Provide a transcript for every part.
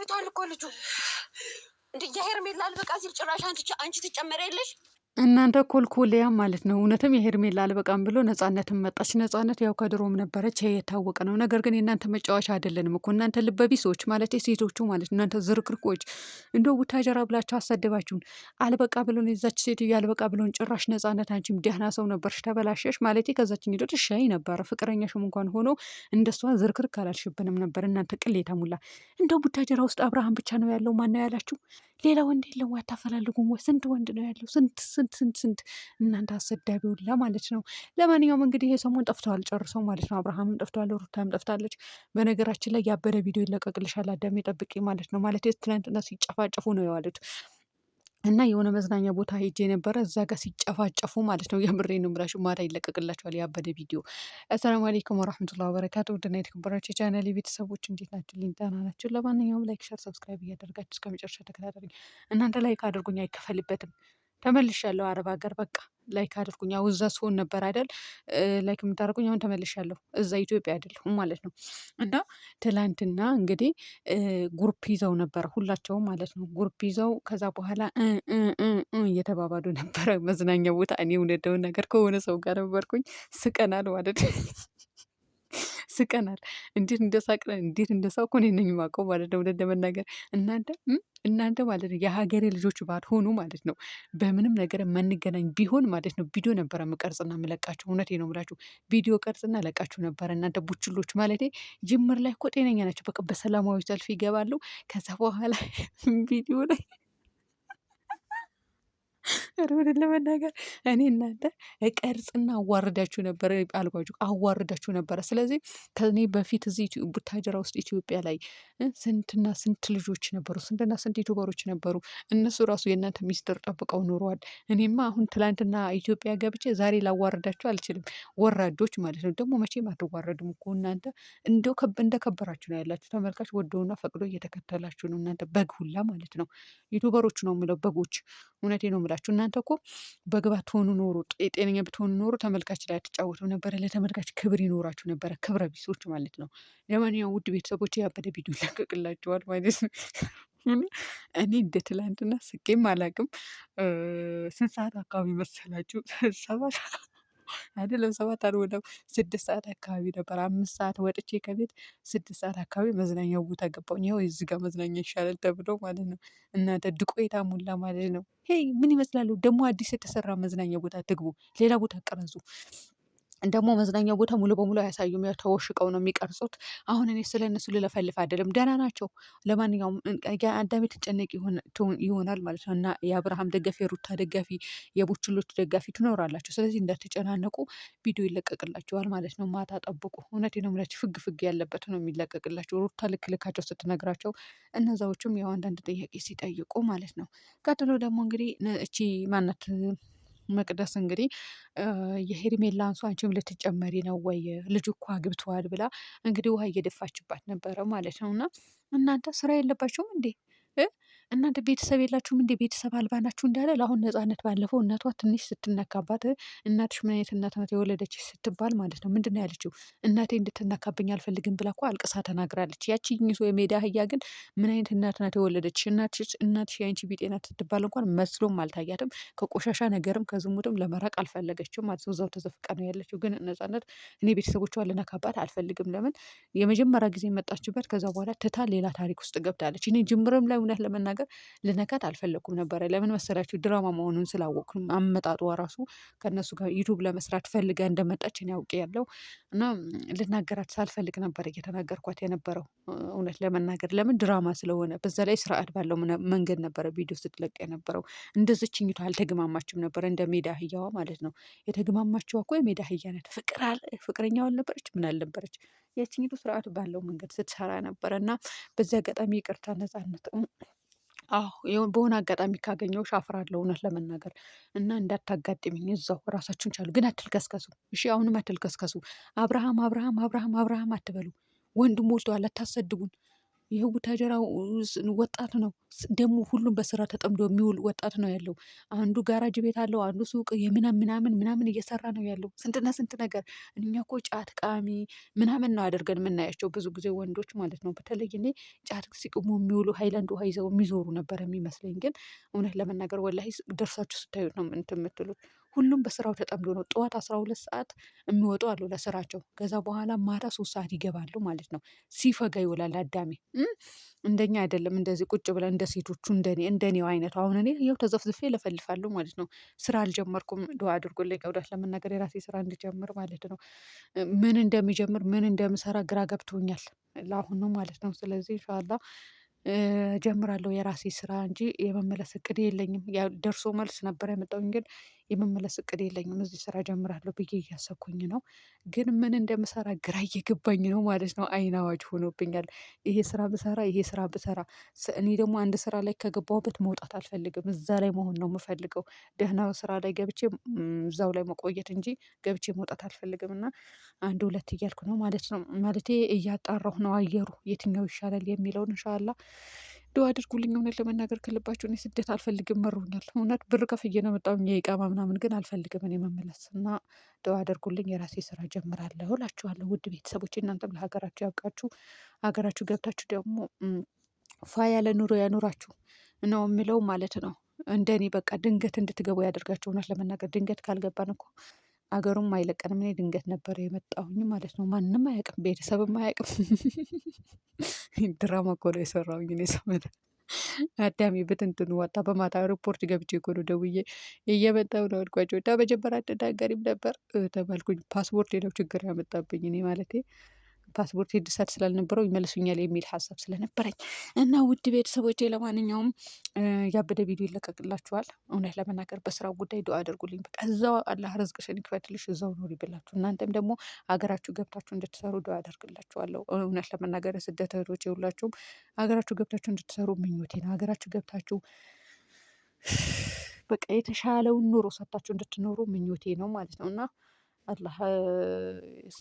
ተደፍቷል እኮ ልጁ እንደ የሄርሜላ አልበቃ ሲል ጭራሽ አንቺ ትጨመሪያለሽ። እናንተ ኮልኮሊያ ማለት ነው። እውነትም የሄርሜላ አልበቃም ብሎ ነጻነትን መጣች። ነጻነት ያው ከድሮም ነበረች የታወቀ ነው። ነገር ግን የእናንተ መጫወቻ አይደለንም እኮ እናንተ ልበቢሶች ማለት ሴቶቹ ማለት እናንተ ዝርክርቆች እንደ ቡታጀራ ብላችሁ አሰደባችሁን። አልበቃ ብሎን የዛች ሴትዮ አልበቃ ብሎን ጭራሽ ነጻነት፣ አንቺም ደህና ሰው ነበርሽ ተበላሸሽ ማለት ከዛችን ሄዶ ትሻይ ነበረ ፍቅረኛሽም እንኳን ሆኖ እንደሷ ዝርክርክ አላልሽብንም ነበር። እናንተ ቅሌታ ሙላ እንደ ቡታጀራ ውስጥ አብርሃም ብቻ ነው ያለው ማን ነው ያላችሁ? ሌላ ወንድ የለም አታፈላልጉም ወይ? ስንት ወንድ ነው ያለው? ስንት ስንት ስንት ስንት እናንተ አሰዳቢ ሁላ ማለት ነው። ለማንኛውም እንግዲህ ይሄ ሰሞን ጠፍተዋል ጨርሰው ማለት ነው። አብርሃምም ጠፍተዋል፣ ሩታም ጠፍታለች። በነገራችን ላይ ያበደ ቪዲዮ ይለቀቅልሻል አዳሜ ጠብቂ ማለት ነው። ማለት ትናንትና ሲጨፋጨፉ ነው የዋሉት። እና የሆነ መዝናኛ ቦታ ሄጄ ነበረ እዛ ጋር ሲጨፋጨፉ ማለት ነው። የምሬ ነው የምላችሁ ማታ ይለቀቅላችኋል ያበደ ቪዲዮ። አሰላሙ አሌይኩም ወራህመቱላሂ ወበረካቱ። ውድና የተከበራችሁ የቻናል ቤተሰቦች እንዴት ናችሁ? ልኝ ደህና ናችሁ? ለማንኛውም ላይክ፣ ሸር፣ ሰብስክራይብ እያደርጋችሁ እስከ መጨረሻ ተከታተሉኝ። እናንተ ላይክ አድርጉኝ አይከፈልበትም። ተመልሻለሁ አረብ ሀገር በቃ ላይክ አድርጉኝ። ያው እዛ ስሆን ነበር አይደል ላይክ የምታደርጉኝ። አሁን ተመልሻለሁ እዛ ኢትዮጵያ አይደለሁም ማለት ነው። እና ትላንትና እንግዲህ ጉርፕ ይዘው ነበረ ሁላቸውም ማለት ነው። ጉርፕ ይዘው ከዛ በኋላ እየተባባሉ ነበረ መዝናኛ ቦታ። እኔ እውነት ነገር ከሆነ ሰው ጋር ነበርኩኝ ስቀናል ማለት ነው። ስቀናል። እንዴት እንደሳቅን እንዴት እንደሳቅሁ እኔ ነኝ የማውቀው ማለት ነው። እውነት ለመናገር እናንተ እናንተ ማለት ነው የሀገሬ ልጆች ባትሆኑ ማለት ነው በምንም ነገር የማንገናኝ ቢሆን ማለት ነው ቪዲዮ ነበረ የምቀርጽና የምለቃቸው። እውነቴ ነው የምላችሁ ቪዲዮ ቀርጽና ለቃችሁ ነበረ። እናንተ ቡችሎች ማለት ጅምር ላይ እኮ ጤነኛ ናቸው። በቃ በሰላማዊ ሰልፍ ይገባሉ። ከዛ በኋላ ቪዲዮ ላይ እውነት ለመናገር እኔ እናንተ እቀርጽና አዋርዳችሁ ነበረ አልኳችሁ፣ አዋርዳችሁ ነበረ። ስለዚህ ከእኔ በፊት እዚህ ቡታጀራ ውስጥ ኢትዮጵያ ላይ ስንትና ስንት ልጆች ነበሩ፣ ስንትና ስንት ዩቱበሮች ነበሩ። እነሱ ራሱ የእናንተ ሚስጥር ጠብቀው ኑረዋል እኔማ አሁን ትላንትና ኢትዮጵያ ገብቼ ዛሬ ላዋርዳችሁ አልችልም። ወራዶች ማለት ነው። ደግሞ መቼም አትዋረድም እኮ እናንተ እንደው እንደከበራችሁ ነው ያላችሁ። ተመልካች ወደውና ፈቅዶ እየተከተላችሁ ነው እናንተ በግ ሁላ ማለት ነው። ዩቱበሮች ነው የምለው በጎች፣ እውነቴ ነው የምላችሁ። እናንተ እኮ በግባ ትሆኑ ኖሮ ጤነኛ ብትሆኑ ኖሮ ተመልካች ላይ አትጫወቱም ነበረ። ለተመልካች ክብር ይኖራችሁ ነበረ። ክብረ ቢሶች ማለት ነው። ለማንኛውም ውድ ቤተሰቦች ያበደ ቪዲዮ ይለቀቅላችኋል ማለት ነው። እኔ እንደ ትላንትና ስቄም አላቅም ስንት ሰዓት አካባቢ መሰላችሁ? ሰባት አይደለም ሰባት አልሆነም ስድስት ሰዓት አካባቢ ነበር። አምስት ሰዓት ወጥቼ ከቤት ስድስት ሰዓት አካባቢ መዝናኛ ቦታ ገባሁኝ። ይኸው እዚህ ጋር መዝናኛ ይሻላል ተብሎ ማለት ነው። እናንተ ድቆይታ ሙላ ማለት ነው። ሄይ ምን ይመስላሉ? ደግሞ አዲስ የተሰራ መዝናኛ ቦታ ትግቡ ሌላ ቦታ ቅረጹ። ደግሞ መዝናኛ ቦታ ሙሉ በሙሉ አያሳዩም። ያው ተወሽቀው ነው የሚቀርጹት። አሁን እኔ ስለ እነሱ ልለፈልፍ አይደለም፣ ደህና ናቸው። ለማንኛውም አዳሜ ትጨነቅ ይሆናል ማለት ነው እና የአብርሃም ደጋፊ፣ የሩታ ደጋፊ፣ የቡችሎች ደጋፊ ትኖራላቸው ስለዚህ እንዳትጨናነቁ ቪዲዮ ይለቀቅላቸዋል ማለት ነው። ማታ ጠብቁ። እውነት ነው የምላችሁ፣ ፍግ ፍግ ያለበት ነው የሚለቀቅላቸው። ሩታ ልክ ልካቸው ስትነግራቸው፣ እነዛዎችም ያው አንዳንድ ጥያቄ ሲጠይቁ ማለት ነው። ቀጥሎ ደግሞ እንግዲህ እቺ ማናት መቅደስ እንግዲህ የሄርሜላ አንሱ አንቺም ልትጨመሪ ነው ወይ ልጁ እኮ አግብተዋል ብላ እንግዲህ ውሃ እየደፋችባት ነበረ ማለት ነው። እና እናንተ ስራ የለባችሁም እንዴ? እናንተ ቤተሰብ የላችሁም እንዴ ቤተሰብ አልባ ናችሁ እንዳለ ለአሁን ነጻነት ባለፈው እናቷ ትንሽ ስትነካባት እናትሽ ምን አይነት እናት ናት የወለደች ስትባል ማለት ነው ምንድን ነው ያለችው እናቴ እንድትነካብኝ አልፈልግም ብላ እኮ አልቅሳ ተናግራለች። ያቺ ሰው የሜዳ አህያ ግን ምን አይነት እናት ናት የወለደች እናትሽ የአንቺ ቢጤ ናት ስትባል እንኳን መስሎም አልታያትም። ከቆሻሻ ነገርም ከዝሙድም ለመራቅ አልፈለገችም ማለት ነው። እዛው ተዘፍቀ ነው ያለችው። ግን ነጻነት እኔ ቤተሰቦቿን ልነካባት አልፈልግም። ለምን የመጀመሪያ ጊዜ መጣችበት፣ ከዛ በኋላ ትታ ሌላ ታሪክ ውስጥ ገብታለች። እኔ ጅምርም ላይ እውነት ለመናገር ነገር ልነካት አልፈለኩም ነበረ። ለምን መሰላችሁ? ድራማ መሆኑን ስላወቅኩ አመጣጧ ራሱ ከእነሱ ጋር ዩቱብ ለመስራት ፈልጋ እንደመጣች እኔ አውቄ ያለው እና ልናገራት ሳልፈልግ ነበረ እየተናገርኳት የነበረው እውነት ለመናገር ለምን ድራማ ስለሆነ፣ በዛ ላይ ስርዓት ባለው መንገድ ነበረ ቪዲዮ ስትለቅ የነበረው። እንደዚችኝቷ አልተግማማችም ነበረ እንደ ሜዳ አህያዋ ማለት ነው። የተግማማችዋ እኮ የሜዳ አህያ ናት። ፍቅረኛ አልነበረች ምን አልነበረች። የችኝቱ ስርዓት ባለው መንገድ ስትሰራ ነበረ እና በዚህ አጋጣሚ ይቅርታ ነጻነት አዎ በሆነ አጋጣሚ ካገኘሁሽ አፍራለሁ እውነት ለመናገር እና እንዳታጋጥሚኝ እዛው ራሳችሁን ቻሉ። ግን አትልከስከሱ እሺ አሁንም አትልከስከሱ። አብርሃም አብርሃም አብርሃም አብርሃም አትበሉ። ወንድ ሞልቷል አታሰድቡን ይህ ቡታጀራ ወጣት ነው። ደግሞ ሁሉም በስራ ተጠምዶ የሚውል ወጣት ነው ያለው። አንዱ ጋራጅ ቤት አለው፣ አንዱ ሱቅ የምናምን ምናምን ምናምን እየሰራ ነው ያለው። ስንትና ስንት ነገር እኛ እኮ ጫት ቃሚ ምናምን ነው አድርገን የምናያቸው ብዙ ጊዜ ወንዶች ማለት ነው። በተለይ እኔ ጫት ሲቅሙ የሚውሉ ሀይላንድ ውሃ ይዘው የሚዞሩ ነበር የሚመስለኝ። ግን እውነት ለመናገር ወላሂ ደርሳችሁ ስታዩት ነው እንትን የምትሉት ሁሉም በስራው ተጠምዶ ነው። ጠዋት አስራ ሁለት ሰዓት የሚወጡ አሉ ለስራቸው ከዛ በኋላ ማታ ሶስት ሰዓት ይገባሉ ማለት ነው። ሲፈጋ ይውላል አዳሜ። እንደኛ አይደለም እንደዚህ ቁጭ ብለን እንደ ሴቶቹ እንደኔ እንደኔው አይነቱ አሁን እኔ ይኸው ተዘፍዝፌ ለፈልፋሉ ማለት ነው። ስራ አልጀመርኩም ዱአ አድርጉልኝ ቀውዳት ለመናገር የራሴ ስራ እንድጀምር ማለት ነው። ምን እንደሚጀምር ምን እንደምሰራ ግራ ገብቶኛል። ለአሁኑ ማለት ነው ስለዚህ ኢንሻአላህ ጀምራለሁ የራሴ ስራ እንጂ የመመለስ እቅድ የለኝም። ደርሶ መልስ ነበር ያመጣሁኝ ግን የመመለስ እቅድ የለኝም። እዚህ ስራ ጀምራለሁ ብዬ እያሰብኩኝ ነው። ግን ምን እንደምሰራ ግራ እየገባኝ ነው ማለት ነው። አይን አዋጅ ሆኖብኛል። ይሄ ስራ ብሰራ ይሄ ስራ ብሰራ እኔ ደግሞ አንድ ስራ ላይ ከገባሁበት መውጣት አልፈልግም እዛ ላይ መሆን ነው የምፈልገው። ደህና ስራ ላይ ገብቼ እዛው ላይ መቆየት እንጂ ገብቼ መውጣት አልፈልግም። እና አንድ ሁለት እያልኩ ነው ማለት ነው። ማለቴ እያጣራሁ ነው አየሩ የትኛው ይሻላል የሚለውን ኢንሻአላህ ድዋ አድርጉልኝ። እውነት ለመናገር ከልባችሁ እኔ ስደት አልፈልግም፣ መሩኛል። እውነት ብር ከፍዬ ነው መጣሁ የኢቃማ ምናምን ግን አልፈልግም እኔ መመለስ እና ድ አድርጉልኝ። የራሴ ስራ ጀምራለሁ እላችኋለሁ። ውድ ቤተሰቦች እናንተም ለሀገራችሁ ያብቃችሁ። ሀገራችሁ ገብታችሁ ደግሞ ፋ ያለ ኑሮ ያኑራችሁ ነው የምለው ማለት ነው። እንደኔ በቃ ድንገት እንድትገቡ ያደርጋችሁ። እውነት ለመናገር ድንገት ካልገባን እኮ አገሩም አይለቀንም። እኔ ድንገት ነበረ የመጣሁኝ ማለት ነው። ማንም አያውቅም፣ ቤተሰብም አያውቅም። ድራማ እኮ ነው የሰራሁኝ እኔ ሰመዳ አዳሚ ብትንትን ዋጣ በማታ ሪፖርት ገብቼ እኮ ነው ደውዬ እየመጣሁ ነው አልኳቸው። እና መጀመሪያ አትናገሪም ነበር ተባልኩኝ። ፓስፖርት ሄደው ችግር ያመጣብኝ እኔ ማለቴ ፓስፖርት እድሳት ስላልነበረው ይመልሱኛል የሚል ሀሳብ ስለነበረኝ እና ውድ ቤተሰቦች ለማንኛውም ያበደ ቪዲዮ ይለቀቅላችኋል። እውነት ለመናገር በስራው ጉዳይ ዱአ አድርጉልኝ። በቃ እዛው አላህ ረዝቅሽን ይክፈትልሽ፣ እዛው ኑሪ ብላችሁ እናንተም ደግሞ ሀገራችሁ ገብታችሁ እንድትሰሩ ዱአ አደርግላችኋለሁ። እውነት ለመናገር ስደት እህቶቼ ሁላችሁም ገብታችሁ እንድትሰሩ ምኞቴ ነው። ሀገራችሁ ገብታችሁ በቃ የተሻለውን ኑሮ ሰጥታችሁ እንድትኖሩ ምኞቴ ነው ማለት ነው እና አላህ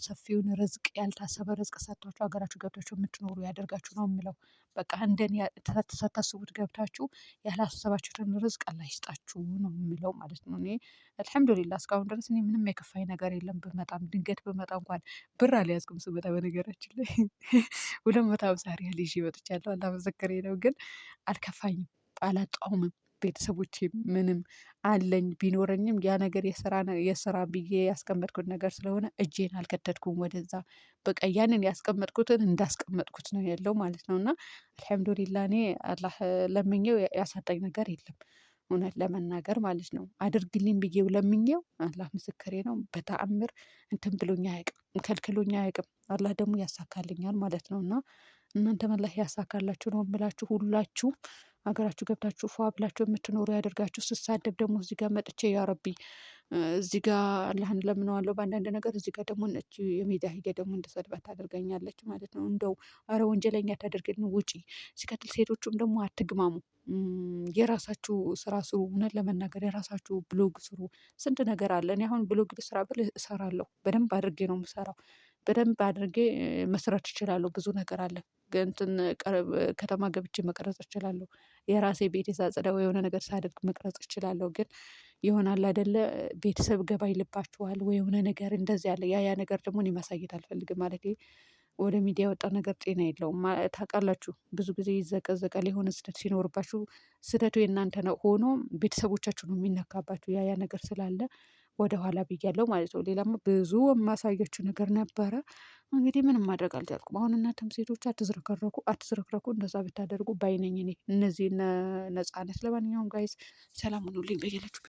ሰፊውን ርዝቅ ያልታሰበ ርዝቅ ሰጥቷችሁ ሀገራችሁ ገብታችሁ የምትኖሩ ያደርጋችሁ ነው የምለው። በቃ እንደኔ ሳታስቡት ገብታችሁ ያላሰባችሁትን ርዝቅ አላህ ይስጣችሁ ነው የምለው ማለት ነው። እኔ አልሐምዱሊላ እስካሁን ድረስ እኔ ምንም የከፋኝ ነገር የለም። ብመጣም ድንገት ብመጣ እንኳን ብር አልያዝኩም ስመጣ። በነገራችን ላይ ሁለት መቶ ሃምሳ ሪያል ይዤ መጥቻለሁ። አላህ ምስክሬ ነው። ግን አልከፋኝም፣ አላጣውምም። ቤተሰቦች ምንም አለኝ ቢኖረኝም ያ ነገር የስራ ብዬ ያስቀመጥኩት ነገር ስለሆነ እጄን አልከተትኩም ወደዛ በቃ ያንን ያስቀመጥኩትን እንዳስቀመጥኩት ነው ያለው ማለት ነው። እና አልሐምዱሊላ እኔ አላህ ለምኘው ያሳጣኝ ነገር የለም። እውነት ለመናገር ማለት ነው አድርግልኝ ብዬው ለምኘው አላህ ምስክሬ ነው በተአምር እንትን ብሎኛ አያውቅም ከልክሎኛ አያውቅም አላህ ደግሞ ያሳካልኛል ማለት ነው። እና እናንተ አላህ ያሳካላችሁ ነው የምላችሁ ሁላችሁም አገራችሁ ገብታችሁ ፏ ብላችሁ የምትኖሩ ያደርጋችሁ። ስሳደብ ደግሞ እዚህ ጋር መጥቼ ያረቢ እዚህ ጋር አላህን ለምነዋለሁ በአንዳንድ ነገር፣ እዚህ ጋር ደግሞ እቺ የሜዳ ሂደ ደግሞ እንድሰድባት ታደርገኛለች ማለት ነው። እንደው አረ ወንጀለኛ ታደርገን ውጪ። ሲቀጥል ሴቶቹም ደግሞ አትግማሙ፣ የራሳችሁ ስራ ስሩ። እውነት ለመናገር የራሳችሁ ብሎግ ስሩ። ስንት ነገር አለ። እኔ አሁን ብሎግ ስራ ብል እሰራለሁ። በደንብ አድርጌ ነው የምሰራው። በደንብ አድርጌ መስራት እችላለሁ። ብዙ ነገር አለ እንትን ከተማ ገብቼ መቅረጽ እችላለሁ። የራሴ ቤቴ ሳጸዳ የሆነ ነገር ሳደርግ መቅረጽ እችላለሁ። ግን ይሆናል አይደለ ቤተሰብ ገባ ይልባችኋል ወይ የሆነ ነገር እንደዚህ አለ ያ ያ ነገር ደግሞ እኔ ማሳየት አልፈልግም። ማለቴ ወደ ሚዲያ የወጣ ነገር ጤና የለውም። ታውቃላችሁ ብዙ ጊዜ ይዘቀዘቃል የሆነ ስህተት ሲኖርባችሁ ስህተቱ የእናንተ ነው ሆኖ ቤተሰቦቻችሁ ነው የሚነካባችሁ ያ ያ ነገር ስላለ ወደ ኋላ ብያለው ማለት ነው። ሌላም ብዙ የማሳያችሁ ነገር ነበረ። እንግዲህ ምንም ማድረግ አልቻልኩም። አሁን እናንተም ሴቶች አትዝረከረኩ፣ አትዝረክረኩ እንደዛ ብታደርጉ ባይነኝ እኔ እነዚህ ነጻነት። ለማንኛውም ጋይዝ ሰላም ሁኑልኝ በያላችሁ